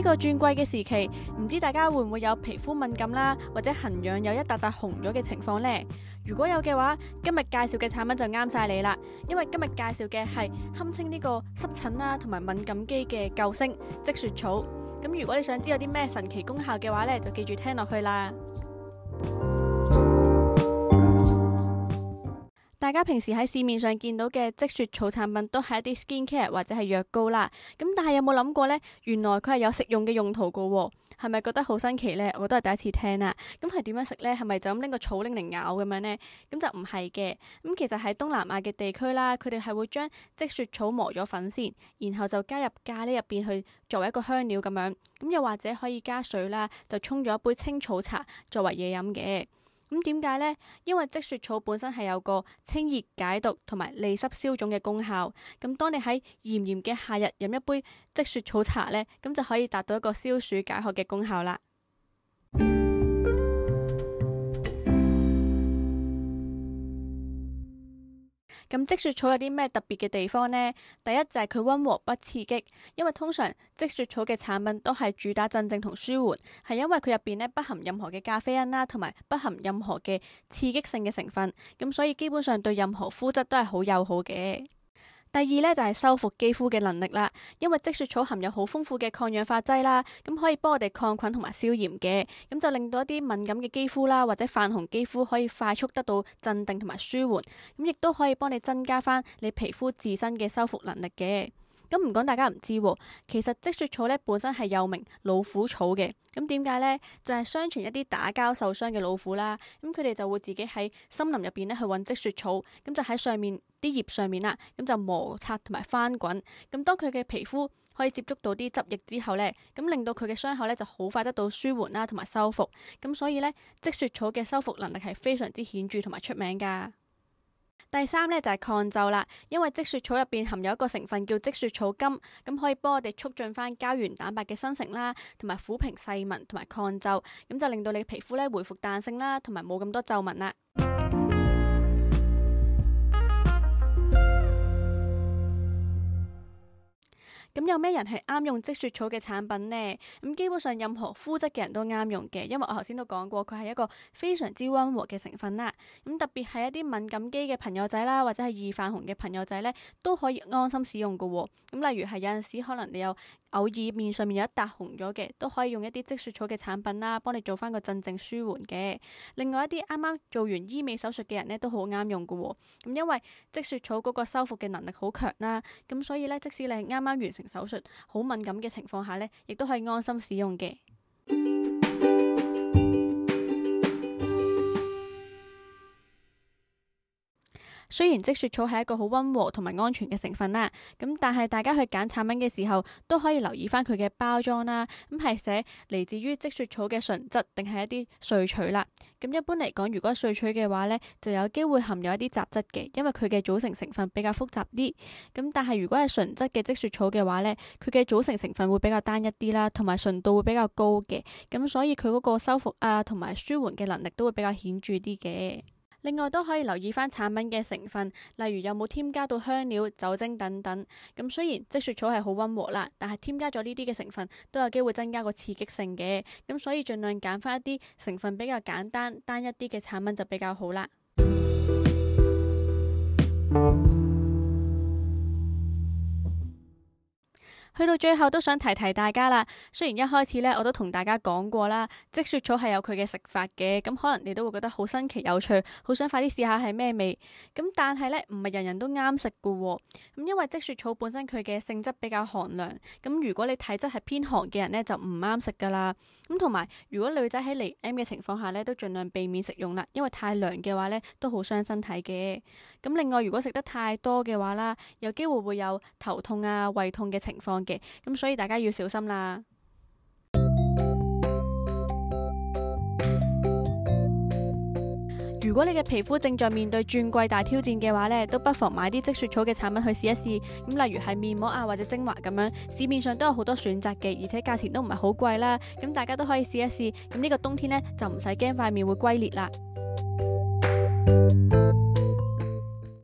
呢個轉季嘅時期，唔知大家會唔會有皮膚敏感啦，或者痕癢有一笪笪紅咗嘅情況呢？如果有嘅話，今日介紹嘅產品就啱晒你啦，因為今日介紹嘅係堪稱呢個濕疹啦同埋敏感肌嘅救星積雪草。咁如果你想知道有啲咩神奇功效嘅話呢，就記住聽落去啦。大家平時喺市面上見到嘅積雪草產品都係一啲 skin care 或者係藥膏啦，咁但係有冇諗過呢？原來佢係有食用嘅用途嘅，係咪覺得好新奇呢？我都係第一次聽啊。咁係點樣食呢？係咪就咁拎個草拎嚟咬咁樣呢？咁就唔係嘅。咁其實喺東南亞嘅地區啦，佢哋係會將積雪草磨咗粉先，然後就加入咖喱入邊去作為一個香料咁樣。咁又或者可以加水啦，就沖咗一杯青草茶作為嘢飲嘅。咁點解呢？因為積雪草本身係有個清熱解毒同埋利濕消腫嘅功效。咁當你喺炎炎嘅夏日飲一杯積雪草茶呢，咁就可以達到一個消暑解渴嘅功效啦。咁積雪草有啲咩特別嘅地方呢？第一就係佢溫和不刺激，因為通常積雪草嘅產品都係主打鎮靜同舒緩，係因為佢入邊咧不含任何嘅咖啡因啦，同埋不含任何嘅刺激性嘅成分，咁所以基本上對任何膚質都係好友好嘅。第二咧，就係修復肌膚嘅能力啦，因為積雪草含有好豐富嘅抗氧化劑啦，咁可以幫我哋抗菌同埋消炎嘅，咁就令到一啲敏感嘅肌膚啦或者泛紅肌膚可以快速得到鎮定同埋舒緩，咁亦都可以幫你增加翻你皮膚自身嘅修復能力嘅。咁唔講大家唔知喎，其實積雪草咧本身係又名老虎草嘅。咁點解呢？就係相傳一啲打交受傷嘅老虎啦，咁佢哋就會自己喺森林入邊咧去揾積雪草，咁就喺上面啲葉上面啦，咁就摩擦同埋翻滾。咁當佢嘅皮膚可以接觸到啲汁液之後咧，咁令到佢嘅傷口咧就好快得到舒緩啦同埋修復。咁所以咧，積雪草嘅修復能力係非常之顯著同埋出名㗎。第三咧就係、是、抗皺啦，因為積雪草入邊含有一個成分叫積雪草苷，咁可以幫我哋促進翻膠原蛋白嘅生成啦，同埋撫平細紋同埋抗皺，咁就令到你嘅皮膚咧回復彈性啦，同埋冇咁多皺紋啦。咁有咩人係啱用積雪草嘅產品呢？咁基本上任何膚質嘅人都啱用嘅，因為我頭先都講過，佢係一個非常之溫和嘅成分啦。咁特別係一啲敏感肌嘅朋友仔啦，或者係易泛紅嘅朋友仔呢，都可以安心使用嘅。咁例如係有陣時可能你有偶爾面上面有一笪紅咗嘅，都可以用一啲積雪草嘅產品啦，幫你做翻個鎮靜舒緩嘅。另外一啲啱啱做完醫美手術嘅人呢，都好啱用嘅。咁因為積雪草嗰個修復嘅能力好強啦，咁所以呢，即使你係啱啱完成。手術，好敏感嘅情況下咧，亦都可以安心使用嘅。雖然積雪草係一個好溫和同埋安全嘅成分啦，咁但係大家去揀產品嘅時候都可以留意翻佢嘅包裝啦，咁係寫嚟自於積雪草嘅純質定係一啲萃取啦。咁一般嚟講，如果係萃取嘅話呢，就有機會含有一啲雜質嘅，因為佢嘅組成成分比較複雜啲。咁但係如果係純質嘅積雪草嘅話呢，佢嘅組成成分會比較單一啲啦，同埋純度會比較高嘅。咁所以佢嗰個修復啊同埋舒緩嘅能力都會比較顯著啲嘅。另外都可以留意返產品嘅成分，例如有冇添加到香料、酒精等等。咁雖然積雪草係好溫和啦，但係添加咗呢啲嘅成分都有機會增加個刺激性嘅。咁所以儘量揀返一啲成分比較簡單、單一啲嘅產品就比較好啦。去到最後都想提提大家啦。雖然一開始呢，我都同大家講過啦，積雪草係有佢嘅食法嘅，咁可能你都會覺得好新奇有趣，好想快啲試下係咩味。咁但係呢，唔係人人都啱食噶。咁因為積雪草本身佢嘅性質比較寒涼，咁如果你體質係偏寒嘅人呢，就唔啱食噶啦。咁同埋，如果女仔喺嚟 M 嘅情況下呢，都盡量避免食用啦，因為太涼嘅話呢，都好傷身體嘅。咁另外，如果食得太多嘅話啦，有機會會有頭痛啊、胃痛嘅情況。咁所以大家要小心啦。如果你嘅皮膚正在面對轉季大挑戰嘅話呢，都不妨買啲積雪草嘅產品去試一試。咁例如係面膜啊，或者精華咁樣，市面上都有好多選擇嘅，而且價錢都唔係好貴啦。咁大家都可以試一試。咁、這、呢個冬天呢，就唔使驚塊面會龜裂啦。